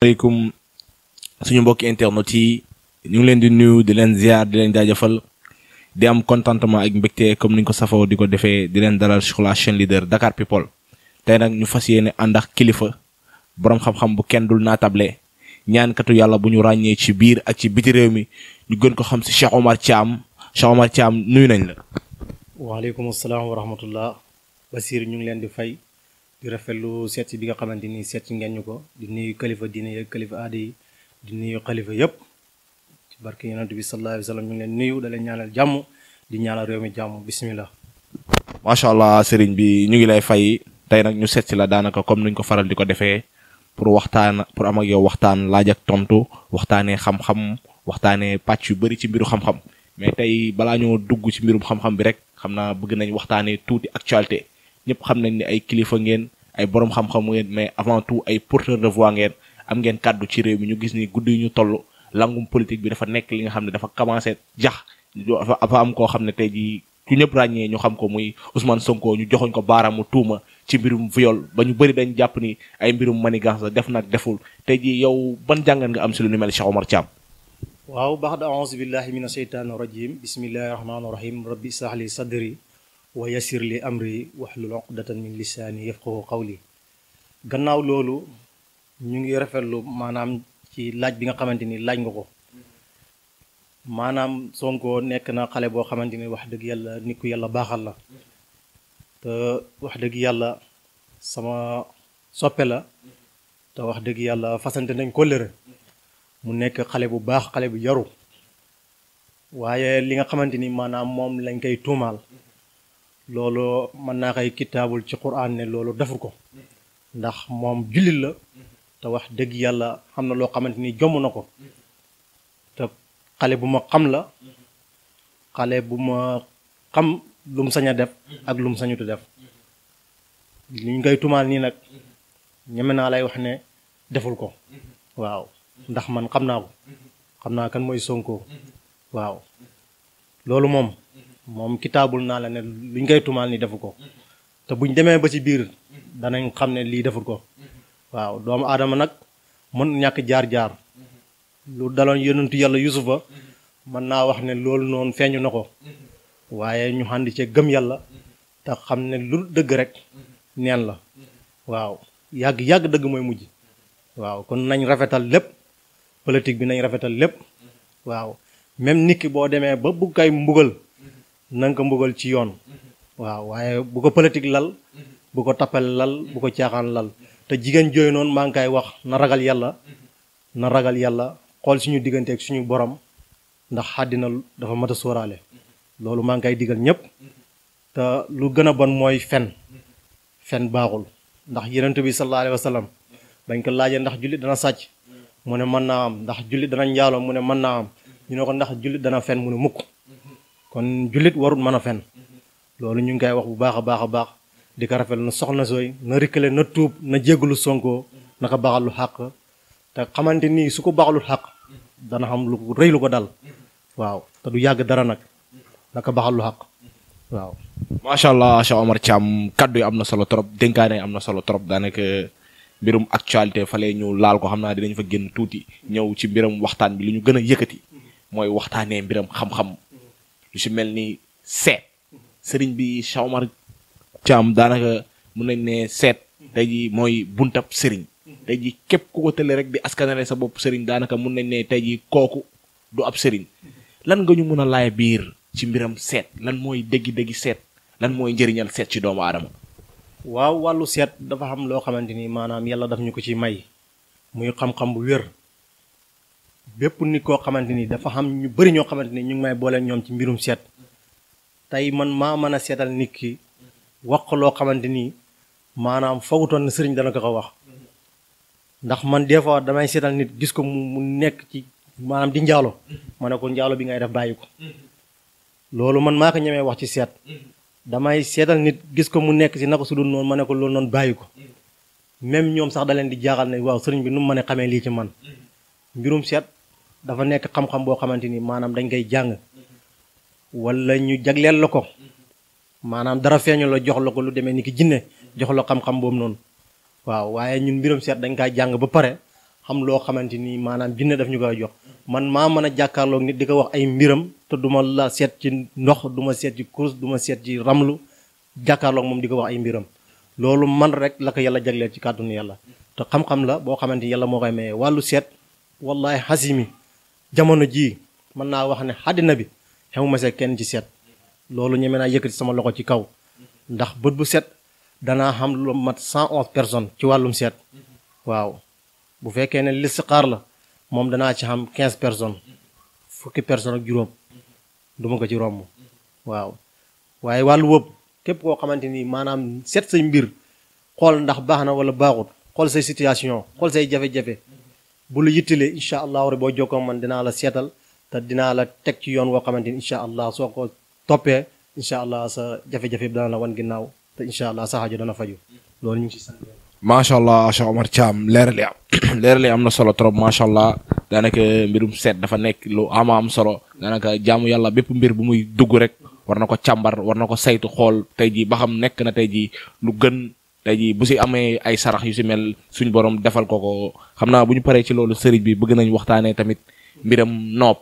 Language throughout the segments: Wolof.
asalaamaaleykum suñu mbokk internet yi ñu ngi leen di nuyu di leen ziar di leen jaajëfal di am contentement ak mbégte comme ni ñu ko safoo di ko defee di leen daral sur la chaîne leader Dakar People tey nag ñu fas yéene ànd ak kilifa borom xam-xam bu kenn dul naatable ñaankatu yàlla bu ñu ràññee ci biir ak ci biti réew mi ñu gën ko xam si Cheikh Omar Thiam Cheikh Omar Thiam nuyu nañ la. ñu ngi leen di fay. di rafetlu seet si bi nga xamante ni seet si ngeen ñu ko di nuyu kalifa diine yi kalifa aada yi di nuyu xalifa yëpp ci barke yonent bi sallallahu alayhi ñu ngi leen nuyu da ñaanal jàmm di ñaanal réew mi jàmm bismillah macha allah sëriñ bi ñu ngi lay fay tey nag ñu seet si la daanaka comme nuñ ko faral di ko defee pour waxtaan pour am ak yow waxtaan laaj tontu waxtaanee xam-xam waxtaanee pàcc yu bëri ci mbiru xam-xam mais tey balaa ñoo dugg ci mbirum xam-xam bi rek xam naa bëgg nañu waxtaanee tuuti actualité. ñëpp xam nañ ne ay kilifa ngeen ay borom xam-xam ngeen mais avant tout ay porteur de ngeen am ngeen kàddu ci réew mi ñu gis ni guddi ñu toll langum politique bi dafa nekk li nga xam ne dafa commencé jax dafa am koo xam ne tey ji ku ñëpp ràññee ñu xam ko muy Ousmane Sonko ñu joxoñ ko baaraamu tuuma ci mbirum viol ba ñu bëri dañ jàpp ni ay mbirum manigance la def nag deful tey jii yow ban jàngat nga am si lu ni mel Cheikh Omar Thiam waaw baax da aouzu billahi mina sheytaani rajim bismillahi rahmaani rahim rabbi israh wa yasir li amri wahlul uqdatan min lisaani yafqahu qawli gannaaw loolu ñu ngi rafetlu maanaam ci laaj bi nga xamante ni laaj nga ko maanaam Sonko nekk na xale boo xamante ni wax dëgg yàlla nit ku baaxal la wax dëgg yàlla sama soppe la te wax dëgg yàlla fasante nañ kóllëre mu nekk xale bu baax xale bu yaru waaye li nga xamante ni maanaam moom lañ koy tuumaal loolu mën naa koy kitaabul ci quraan ne loolu defur ko ndax moom jullit la te wax dëgg yàlla am na loo xamante ni jomm na ko te xale bu ma xam la xale bu ma xam lum mu sañ a def ak lum mu sañutu def li ñu tumaal nii nag ñeme naa lay wax ne deful ko waaw ndax man xam naa ko xam naa kan mooy Sonko waaw loolu moom moom kitaabul naa la ne luñ koy tumaal ni defu ko te buñ demee ba ci biir danañ xam ne lii deful ko waaw doomu aadama nag mën ñàkk jaar-jaar lu daloon yonentu yàlla yusufa man naa wax ne loolu noonu feeñu na ko waaye ñu ànd ci gëm yàlla te xam ne lu dëgg rek neen la waaw yàgg-yàgg dëgg mooy mujj waaw kon nañ rafetal lépp bi nañ rafetal lépp waaw même nit ki boo demee ba bugg kay mbugal nanka nga mbugal ci yoon mhm. waaw waaye bu ko politique lal mhm. bu ko tappale lal bu ko caaxaan lal te jigéen jooyu noon maa ngi koy wax na ragal yàlla mhm. na ragal yàlla xool suñu diggante ak suñu borom ndax àddina dafa mat a sóoraale loolu maa ngi koy digal ñëpp te lu gën a bon mooy fen fen baaxul ndax yonent bi sallallahu alayhi wa bañ ko laajee ndax jullit dana sàcc mu ne mën naa am ndax jullit dana njaaloo mu ne mën naa am ñu ne ko ndax jullit dana fen mu ne mukk kon jullit warul man a fen loolu ñu ngi koy wax bu baax a baax a baax di ko rafet na soxna sooy na rikkale na tuub na jéggalu Sonko naka baaxalu xaq te xamante ni su ko baaxalul xàq dana xam lu rëy lu ko dal waaw te du yàgg dara nag naka lu xàq waaw. macha allah Cheikh Omar Thiam kàddu yi am na solo trop dénkaane am na solo trop daanaka mbirum actualité fale ñu laal ko xam naa dinañ fa génn tuuti ñëw ci mbiram waxtaan bi lu ñu gën a yëkkati mooy waxtaanee mbiram xam yu si mel ni seet sëriñ bi Cheikh Omar Thiam daanaka mun nañ ne seet tey ji mooy buntab sëriñ tey képp ku ko tële rek di askanale sa bopp sëriñ daanaka mun nañ ne tey ji kooku du ab sëriñ lan nga ñu mun a laay biir ci mbiram seet lan mooy déggi-déggi seet lan mooy njëriñal seet ci doomu aadama waaw wàllu seet dafa xam loo xamante ni maanaam yàlla daf ñu ko ci may muy xam-xam bu wér bépp nit koo xamante ni dafa xam ñu bari ñoo xamante ni ñu ngi may boole ñoom ci mbirum seet tey man maa mën a seetal nit ki wax ko loo xamante ni maanaam foogutoon na sëriñ ko ko wax ndax man des fois damay seetal nit gis ko mu nekk ci maanaam di njaalo ma ne ko bi ngay def bàyyi ko man maa ko ñemee wax ci seet damay seetal nit gis ko mu nekk ci naka su dul noonu ma ne ko loolu noonu bàyyi ko même ñoom sax da leen di jaaxal ne waaw sëriñ bi nu mu mën xamee lii ci man mbirum seet dafa nekk xam-xam boo xamante ni maanaam dañ koy jàng wala ñu jagleel la ko maanaam dara feeñu la jox la ko lu demee ni ki jinne jox la xam-xam boobu noonu waaw waaye ñun mbiram seet dañ kaa jàng ba pare xam loo xamante ni maanaam jinne daf ñu koy jox man maa mën a jàkkaarloog nit di ko wax ay mbiram te duma la seet ci ndox duma seet ci kurus duma seet ci ramlu jàkkaarloog moom di ko wax ay mbiram loolu man rek la ko yàlla jagleel ci kàttanu yàlla te boo xamante yàlla moo koy maye wàllu seet wallahi xasimi jamono jii mën naa wax ne xàddina bi xewuma see kenn ci seet loolu ñeme naa yëkkati sama loxo ci kaw ndax bët bu set danaa xam lu mat cent onze personnes ci wàllum seet waaw bu fekkee ne listixaar la moom danaa ci xam quinze personnes fukki personnes ak juróom duma ko ci romb waaw waaye wàllu wëpp képp koo xamante ni maanaam seet say mbir xool ndax baax na wala baaxut xool say situation xool say jafe-jafe bu lu yittalee incha allah war boo jokkoo man dinaa la seetal te dinaa la teg ci yoon woo xamante ni incha allah soo ko toppee incha allah sa jafe-jafe bi wan ginnaaw te allah sa xaajo dana faju loolu macha allah Cheikh Omar Thiam leer li am leer am na solo trop macha allah daanaka mbirum seet dafa nekk lu ama am solo daanaka jaamu yàlla bépp mbir bu muy dugg rek war na ko càmbar war na ko saytu xool tey jii ba nekk na tey jii lu gën tey jii bu si amee ay sarax yu si mel suñ borom defal ko ko xam naa bu ñu paree ci loolu sëriñ bi bëgg nañu waxtaanee tamit mbiram noob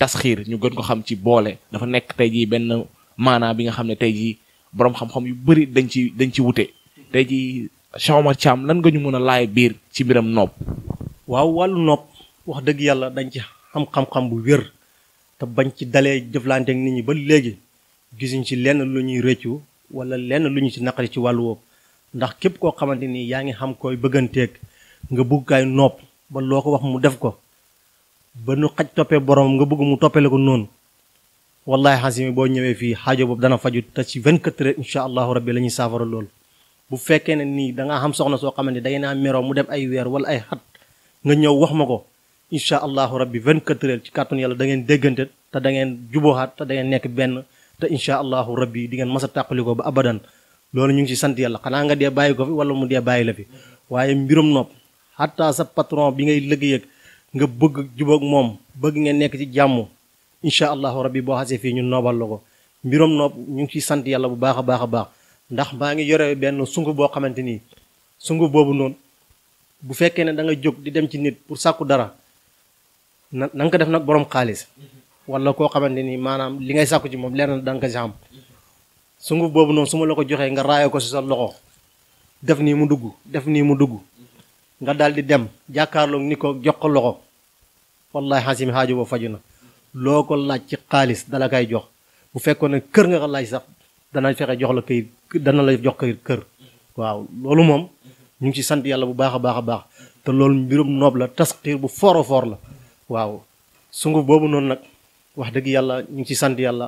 tasxiir ñu gën ko xam ci boole dafa nekk tey jii benn maanaa bi nga xam ne tey jii borom xam-xam yu bari dañ ci dañ ci wute tey jii Cheikh Omar lan nga ñu mën a laay biir ci mbiram noob. waaw wàllu noob wax dëgg yàlla dañ ci xam xam-xam bu wér te bañ ci dalee jëflante nit ñi ba léegi gisuñ ci lenn lu ñuy rëccu wala lenn lu ñu ci naqari ci wàllu woowu. ndax képp koo xamante ni yaa ngi xam koy bëgganteeg nga bugg kaay nopp ba loo ko wax mu def ko ba nu xaj toppee borom nga bëgg mu toppale ko noonu wallahi xasimi boo ñëwee fii xaajo boobu dana faju te ci 24 heures incha allahu rabbi la ñuy saafara bu fekkee ne nii da ngaa xam soxna soo xamante da ngeen a mu dem ay weer wala ay xat nga ñëw wax ma ko incha allahu rabbi 24 heures ci kàttun yàlla da ngeen déggante te da ngeen jubóoxaat te da ngeen nekk benn te incha allahu rabbi di ngeen mas a tàqali ko ba abadan loolu ñu ngi ci sant yàlla xanaa nga dee bàyyi ko fi wala mu dee bàyyi la fi waaye mbirum nopp xataa sa patron bi ngay lëg yëg nga bëgg jubóog moom bëgg nga nekk ci jàmm incha allahu rabbi boo xasee fii ñu noobal la ko mbirom nopp ñu ngi ciy sant yàlla bu baax a baax a baax ndax maa ngi yore benn sungu boo xamante ni sungu boobu noonu bu fekkee ne danga jóg di dem ci nit pour sàkku dara na nga ko def nag boroom xaalis wala koo xamante ni li ngay sàkku ci moom leer na da sunguf boobu noonu su ma la ko joxee nga raaya ko si sa loxo def nii mu dugg def nii mu dugg nga dal di dem jàkkaarloog ni ko jox ko loxo wallahi xasim xaajo boo faju na loo ko laaj ci xaalis dala kay jox bu fekkoon ne kër nga ko laaj sax dana fexe jox la këyit dana la jox këyit kër waaw loolu moom ñu ngi ci sant yàlla bu baax a baax a baax te loolu mbirum noob la tasxiir bu foro foor la waaw sunguf boobu noonu nag wax dëgg yàlla ñu ngi ci sant yàlla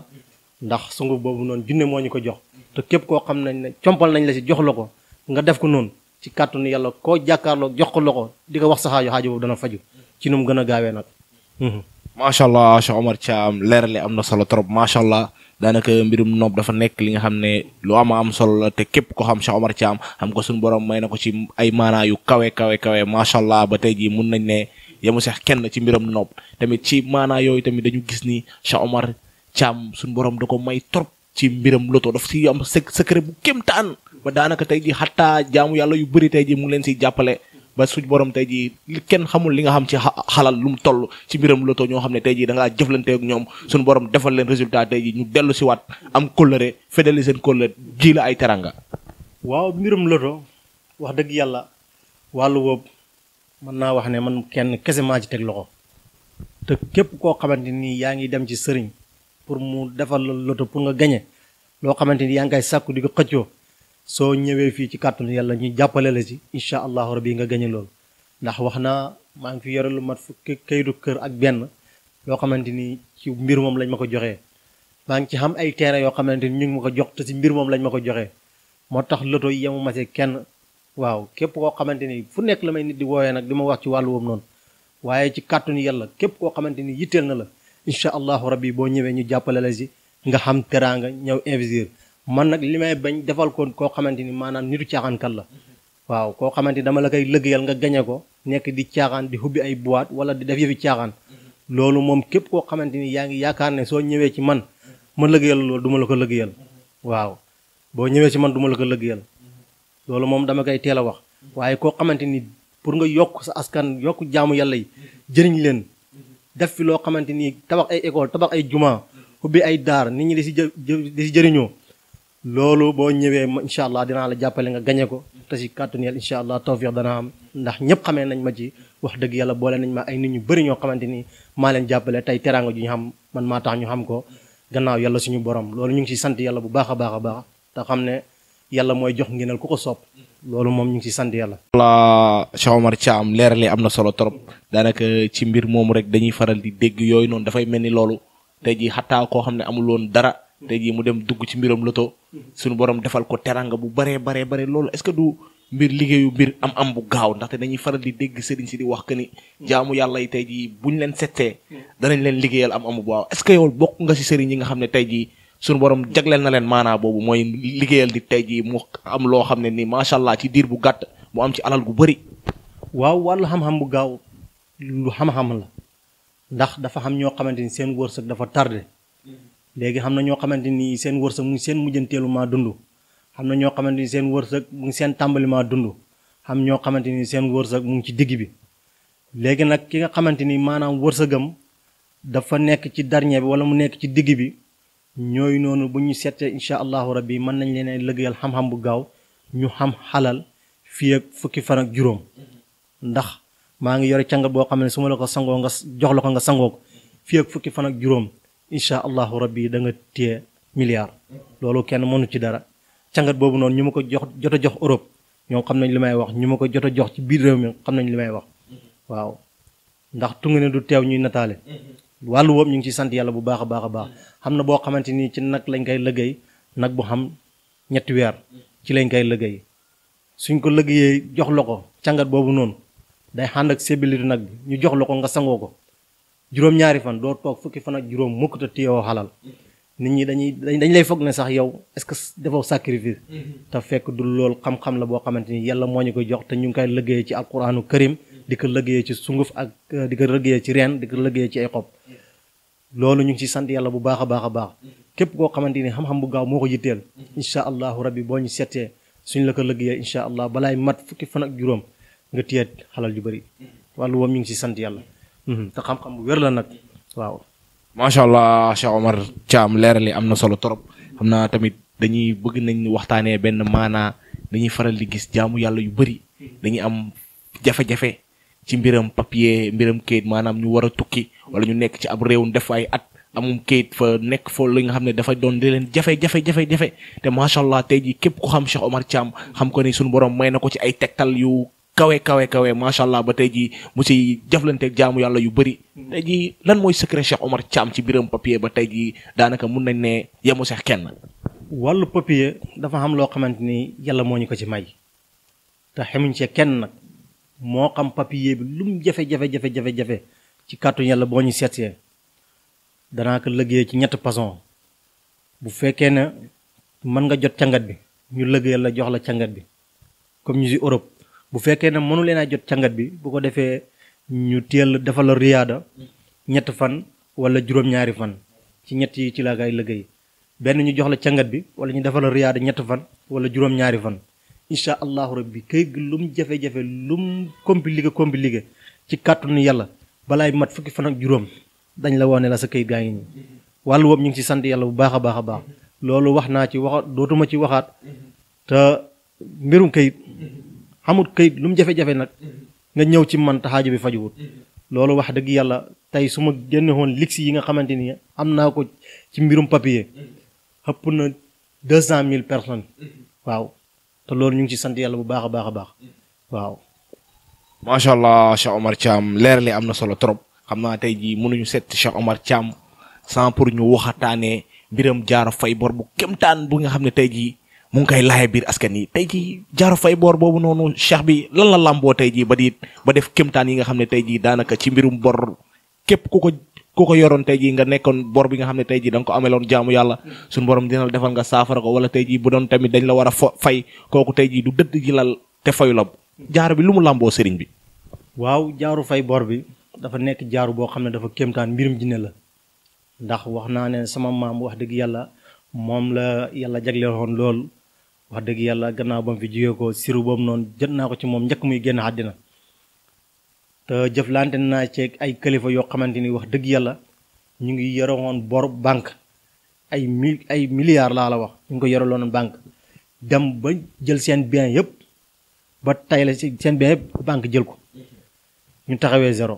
ndax sunguf boobu noonu junne moo ñu ko jox te képp koo xam nañ ne compal nañ la si jox la ko nga def ko noonu ci kàttanu yàlla koo jàkkaarloo jox ko di ko wax sa xaajo xaajo boobu dana faju ci nu mu gën a gaawee nag. Mhm. macha allah Cheikh Omar Thiam leerale am na solo trop macha allah daanaka mbirum noob dafa nekk li nga xam ne lu ama am solo la képp ko xam Cheikh Omar Thiam xam ko suñu borom may na ko ci ay maanaa yu kawe kawe kawe macha allah ba tey jii mun nañ ne yemu sax kenn ci mbiram noob tamit ci maanaa yooyu tamit dañu gis ni Cheikh caam suñu borom da ko may trop ci mbiram loto daf si am secret bu kéemtaan ba daanaka tey ji xattaa jaamu yàlla yu bari tey ji mu ngi leen siy jàppale ba suñ borom tey ji li kenn xamul li nga xam ci xalal lu mu toll ci mbiram loto ñoo xam ne tey ji da ngaa jëflante ñoom suñu borom defal leen résultat tey ji ñu dellu si waat am kóllëre fedeli seen kóllëre ji la ay teranga waaw mbiram loto wax dëgg yàlla wàllu woobu mën naa wax ne man kenn kese maa ci teg te képp koo xamante ni yaa ngi dem ci sëriñ pour mu defal la loto pour nga gañe loo xamante ni yaa ngi koy sàkku di ko xëccoo soo ñëwee fii ci kàttanu yàlla ñu jàppale la ci incha allahu rabi nga gañe loolu ndax wax naa maa ngi fi yore lu mat fukki kayitu kër ak benn yoo xamante ni ci mbir moom lañ ma ko joxee maa ngi ci xam ay terrain yoo xamante ni ñu ngi ma ko jox te mbir moom lañ ma ko joxee moo tax loto yi ma ci kenn waaw képp koo xamante ni fu nekk la may nit di woowee nag di ma wax ci wàllu woom noonu waaye ci kàttanu yàlla képp koo xamante ni yitteel na la incha allahu rabbi boo ñëwee ñu jàppale la si nga xam teraanga ñëw investir man nag li may bañ defal ko koo xamante ni maanaam nitu caaxaankat la waaw koo xamante ni dama la koy lëggeyal nga gañe ko nekk di caaxaan di xubbi ay boîte wala di def yëfi caaxaan loolu moom képp koo xamante ni yaa ngi yaakaar ne soo ñëwee ci man ma lëggeyal loolu du ma la ko lëggeyal waaw boo ñëwee ci man duma la ko lëggeyal loolu moom dama koy teel a wax waaye koo xamante ni pour nga yokk sa askan yokk jaamu yàlla yi jëriñ leen def fi loo xamante ni tabax ay école tabax ay juma ubbi ay daar nit ñi di si jë di jëriñoo loolu boo ñëwee incha allah dinaa la jàppale nga gañe ko te si kàttu neel incha allah tawfiq dana am ndax ñëpp xamee nañ ma ci wax dëgg yàlla boole nañ ma ay nit ñu bëri ñoo xamante ni maa leen jàppale tey teraanga ju ñu xam man maa tax ñu xam ko gannaaw yàlla suñu borom loolu ñu ngi si sant yàlla bu baax a baax a baax te xam ne yàlla mooy jox ngenal ku ko sopp loolu moom ñu ngi ci sant yàlla. la Cheikh Omar Thiam leerale am na solo trop daanaka ci mbir moomu rek dañuy faral di dégg yooyu noonu dafay mel ni loolu tey jii xataa koo xam ne amul woon dara tey jii mu dem dugg ci mbiram loto suñu borom defal ko teranga bu baree baree bare loolu est-ce que du mbir liggéeyu mbir am am bu gaaw ndaxte dañuy faral di dégg sëriñ si di wax que ni jaamu yàlla yi tey jii buñ leen settee danañ leen liggéeyal am am bu gaaw est-ce bokk nga ci sëriñ yi nga xam ne tey jii suñu borom jagleel na leen maanaa boobu mooy liggéeyal nit tey jii mu am loo xam ne nii macha allah ci diir bu gàtt mu am ci alal gu bëri. waaw wàllu xam-xam bu gaaw lu xam-xam la ndax dafa xam ñoo xamante ni seen wërsëg dafa tardé léegi xam na ñoo xamante ni seen wërsëg mu ngi seen mujjanteelu maa dund xam na ñoo xamante ni seen wërsëg mu seen tàmbali maa dund xam ñoo xamante ni seen wërsëg mu ngi ci digg bi léegi nag ki nga xamante ni maanaam wërsëgam dafa nekk ci dernier bi wala mu nekk ci digg bi ñooy noonu bu ñu seetee incha allahu rabbi mën nañ leen liggéeyal xam-xam bu gaaw ñu xam xalal fii ak fukki fan ak juróom ndax maa ngi yore càngat boo xam ne su ma la ko sangoo nga jox la ko nga sangoo ko fii ak fukki fan ak juróom incha allahu rabbi da nga téye milliard loolu kenn mënu ci dara cangat boobu noonu ñu ma ko jox jot a jox Europe ñoom xam nañ li may wax ñu ma ko jot a jox ci biir réew mi xam nañ li may wax waaw ndax tungu ne du teew ñuy nataale wàllu woom ñu ngi ci sant yàlla bu baax a baax a baax xam na boo xamante ni ci nag lañ koy lëggéey nag bu xam ñetti weer ci lañ koy lëggéey suñ ko lëggéeyee jox la ko càngat boobu noonu day xànd ak sébilité nag bi ñu jox la ko nga sangoo ko juróom-ñaari fan doo toog fukki fan ak juróom mukk te téyewoo xalal nit ñi dañuy dañ lay foog ne sax yow est que defoo sacrifice te fekk du loolu xam-xam la boo xamante ni yàlla moo ñu ko jox te ñu ngi koy lëggéeyee ci alquraanu karim di ko lëggéeyee ci sunguf ak ko lëggéeyee ci reen di ko lëggéeyee ci ay loolu ñu ngi ci sant yàlla bu baax a baax a baax képp koo xamante ni xam-xam bu gaaw moo ko yitteel incha allahu bi boo ñu settee suñ la ko lëggee incha allah balaay mat fukki fan ak juróom nga téyeet xalal yu bari wàllu woom ñu ngi ci sant yàlla mhm. te xam-xam bu wér la nag waaw macha allah Cheikh Omar Thiam leeral yi am na solo trop xam naa tamit dañuy bëgg nañ waxtaanee benn maanaa dañuy faral di gis jaamu yàlla yu bari dañuy am jafe-jafe ci mbiram papier mbiram kayit maanaam ñu war a tukki wala ñu nekk ci ab réew def ay at amum kayit fa nekk fa li nga xam ne dafa doon di leen jafe jafe jafe te macha allah tey jii képp ku xam Cheikh Omar Thiam xam ko ni suñu borom may na ko ci ay tegtal yu kawe kawe kawe macha allah ba tey jii mu si jaflanteeg jaamu yàlla yu bëri. tey jii lan mooy secret Omar Thiam ci biram papier ba tey jii daanaka mun nañ ne yemu sax kenn. wàllu papier dafa xam loo xamante ni yàlla moo ñu ko ci may te xamuñ ci kenn nag. moo xam papier bi lu jafe-jafe jafe-jafe-jafe ci kàttu yàlla boo ñu seetsee danaa ko liggéey ci ñett façon bu fekkee ne mën nga jot cangat bi ñu liggéeyal la jox la cangat bi comme ñu si Europe bu fekkee ne mënu leen a jot cangat bi bu ko defee ñu teel dafa la riyaada ñett fan wala juróom-ñaari fan ci ñett yi ci laa koy liggéey benn ñu jox la cangat bi wala ñu defal la riyaada ñett fan wala juróom-ñaari fan incha allahu rabbi këyit gi lum jafe-jafe lum compliqué liggéey ci kàttanu yàlla balaay mat fukki fan ak juróom dañ la wane la sa kayit gaa ngi nii wàllu boobu ñu ngi ci sant yàlla bu baax a baax a baax loolu wax naa ci wax dootuma ci waxaat te mbirum kayit xamut kayit lum jafe-jafe nag nga ñëw ci man te xaajo bi fajuwut loolu wax dëgg yàlla tey su ma génne woon ligsi yi nga xamante ni am naa ko ci mbirum papier ëpp na deux cent mille personnes waaw te loolu ñu ngi ci sant yàlla bu baax a baax a baax waaw. macha allah Cheikh Omar Thiam leer li am na solo trop xam naa tey jii mënuñu seet Cheikh Omar Thiam sans pour ñu waxataanee mbiram jaaro fay bor bu kemtaan bu nga xam ne tey jii mu ngi koy laaye biir askan yi tey jii jaaro fay boor boobu noonu cheikh bi lan la làmboo tey jii ba di ba def kemtaan yi nga xam ne tey jii daanaka ci mbirum bor képp ku ko ku ko yoroon tey jii nga nekkoon boor bi nga xam ne tey jii da nga ko ameloon jaamu yàlla suñu borom dina la defal nga saafara ko wala tey jii bu doon tamit dañ la war a fay kooku tey jii du dëdd ji lal te fayu la jaaro bi lu mu làmboo sëriñ bi. waaw jaaru fay boor bi dafa nekk jaaru boo xam ne dafa kéemtaan mbirum jinne la ndax wax naa ne sama maam wax dëgg yàlla moom la yàlla jagleeloon lool wax dëgg yàlla gannaaw ba mu fi jugee ko siru boobu noonu jot naa ko ci moom njëkk muy génn àddina te jëflante naa ceeg ay kilifa yoo xamante ni wax dëgg yàlla ñu ngi yorewoon bor bànk ay mil ay milliards laa la wax ñu ngi ko yoreloon banque dem ba jël seen bien yëpp ba tay la seen bien yëpp banque jël ko ñu taxawee zéro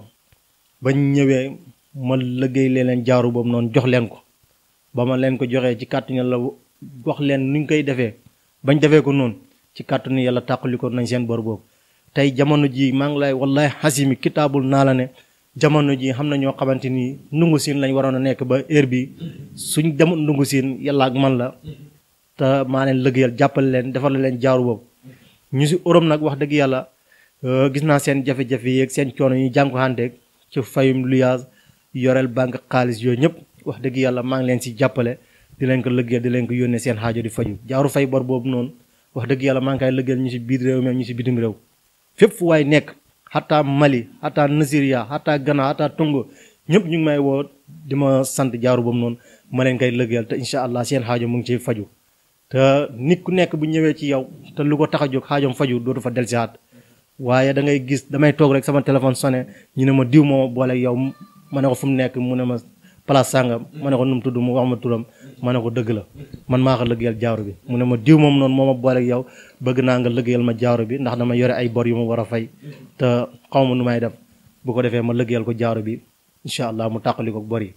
ba ñëwee ma liggéey leen jaaru boobu noonu jox leen ko ba ma leen ko joxee ci kàttanu yàlla wax leen ñu koy defee bañ defee ko noonu ci kàttanu yàlla tàqali ko nañ seen bor boobu. tey jamono ji maa ngi lay wallahi xasimi kitaabul naa la ne jamono ji xam na ñoo xamante ni ndungu siin lañ waroon a nekk ba heure bi suñ demul ndungu siin yàlla ak man la te maa leen lëggéeyal jàppale leen defal leen jaaru boobu ñu si Europe nag wax dëgg yàlla euh, gis naa seen jafe-jafe yeeg seen coono yi jànkuwanteeg ci fayum luyaas yoreel banque xaalis yooyu ñëpp wax dëgg yàlla maa ngi leen si jàppale di leen ko lëggéeyal di leen ko yónnee seen xaajo di faju jaaru fay bor boobu noonu wax dëgg yàlla maa ngi koy lëggéeyal ñu si biir réew mi ñu si bitim réew fépp fu waay nekk xataa Mali xataa Nigeria xataa Ghana xataa Togo ñëpp ñu ngi may woo di ma sant jaaru bam noonu ma leen koy lëggeel te incha allah seen xaajo mu ngi ciy faju te nit ku nekk bu ñëwee ci yow te lu ko tax a jóg xaajoom faju dootu fa del si haat waaye da ngay gis damay toog rek sama téléphone sonné ñu ne ma diw moo boole yow ma ne ko fu mu nekk mu ne ma place sàngam ma ne ko nu mu tudd mu wax ma turam ma ko dëgg la man maa ko lëggéeyal jaaru bi mu ne ma diw moom noonu moo ma booleeg yow bëgg naa nga lëggéeyal ma jaaro bi ndax dama yore ay bor yu ma war a fay te xaw ma nu may def bu ko defee ma lëggal ko jaaro bi incha allah mu tàqali ko bor yi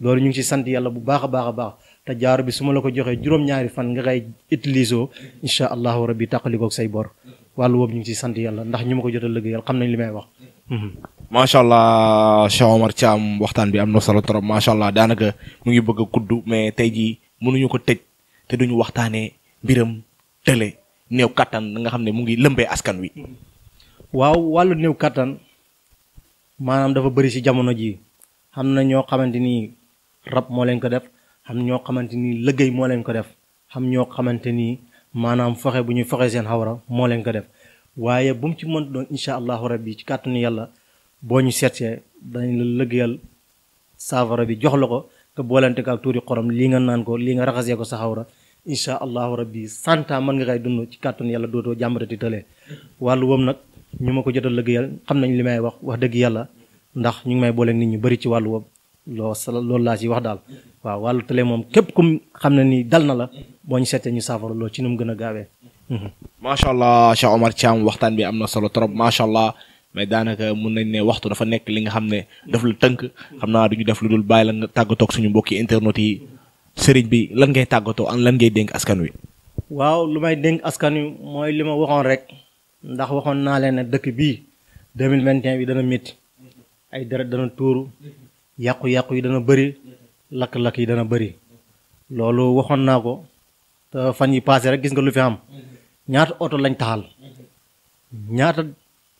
loolu ñu ngi ci sant yàlla bu baax a baax a baax te jaaru bi su ma la ko joxee juróom-ñaari fan nga koy utiliser incha allahu rabbi tàqalikoog say bor wàllu woobu ñu ngi sant yàlla ndax ñu ma ko jot a xam nañ li may wax macha allah Cheikh Omar Thiam waxtaan bi am na solo trop macha allah daanaka mu ngi bëgg a kuddu mais tey jii mënuñu ko tëj te duñu waxtaanee mbiram tële néew kattan nga xam ne mu ngi lëmbee askan wi. waaw wàllu néew kattan maanaam dafa bëri ci jamono ji xam na ñoo xamante ni rab moo leen ko def xam ñoo xamante ni liggéey moo leen ko def xam ñoo xamante ni maanaam foxe bu ñuy foxe seen xawra moo leen ko def waaye bu ci mën doon incha allahu rabbi ci kàttanu yàlla. boo ñu seetsee danañ la lëggeyal saafara bi jox la ko te boolante ko ak tuuri xorom lii nga naan ko lii nga raxasee ko sa xawra incha allahu rabbi santa mën nga kay dund ci kàttan yàlla dootoo jàmbarati tëlee wàllu woom nag ñu ma ko jot a lëggeyal xam nañ li may wax wax dëgg yàlla ndax ñu ngi may boole nit ñu bëri ci wàllu woom loo loolu laa ci wax daal waaw wàllu tëlee moom képp kum xam na ni dal na la boo ñu seetee ñu saafara lool ci nu mu gën a gaawee. macha allah Cheikh Omar Thiam waxtaan bi am na solo trop macha allah mais daanaka mun nañ ne waxtu dafa nekk li nga xam ne def lu tënk xam naa du ñu def lu dul bàyyi lan nga tàggatoog suñu mbokki internet yi sëriñ bi lan ngay tàggatoo an lan ngay dénk askan wi. waaw lu may dénk askan wi mooy li ma waxoon rek ndax waxoon naa leen ne dëkk bii 2021 bi dana métti ay deret dana tuuru yàqu-yàqu yi dana bëri lakk-lakk yi dana bëri loolu waxoon naa ko fan yi paase rek gis nga lu fi am ñaata oto lañ taxal ñaata.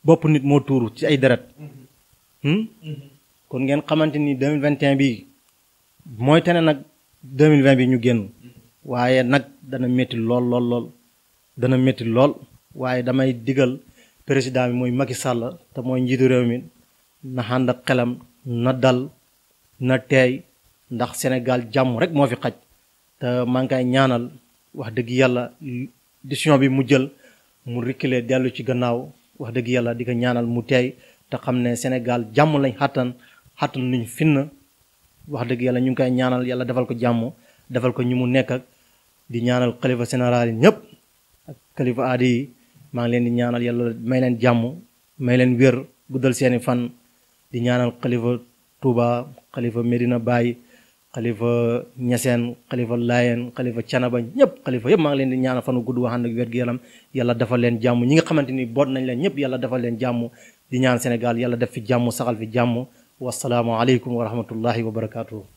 bopp nit moo tuuru ci ay deret hmm? kon ngeen xamante ni 2021 bi mooy tane nag 2020 bi ñu génn waaye nag dana métti lool lool dana métti lool waaye damay digal président bi mooy Macky sàll te mooy njiitu réew mi na ànd ak xelam na dal na teey ndax Sénégal jàmm rek moo fi xaj te maa ñaanal wax dëgg yàlla décision bi mu jël mu reculer dellu ci gannaaw wax dëgg yàlla di ko ñaanal mu teey te xam ne senegal jàmm lañ xàttan xàttan nuñ finna wax dëgg yàlla ñu ngi koy ñaanal yàlla defal ko jàmm defal ko ñi mu nekk ak di ñaanal xalifa général yi ñëpp ak xalifa aada yi maa ngi leen di ñaanal yàlla may leen jàmm may leen wér guddal seeni fan di ñaanal xalifa tuuba xalifa Medina Baye xalifa ñaseen xalifa laayeen xalifa canaba ñëpp xalifa yëpp maa ngi leen di ñaanal fanu gudd waxaan ak wér gu yaram yàlla defal leen jàmm ñi nga xamante ni boot nañ leen ñëpp yàlla defal leen jàmm di ñaan Sénégal yàlla def fi jàmm saxal fi jàmm wasalaamu aleykum wa rahmatullahi wa barakaatu.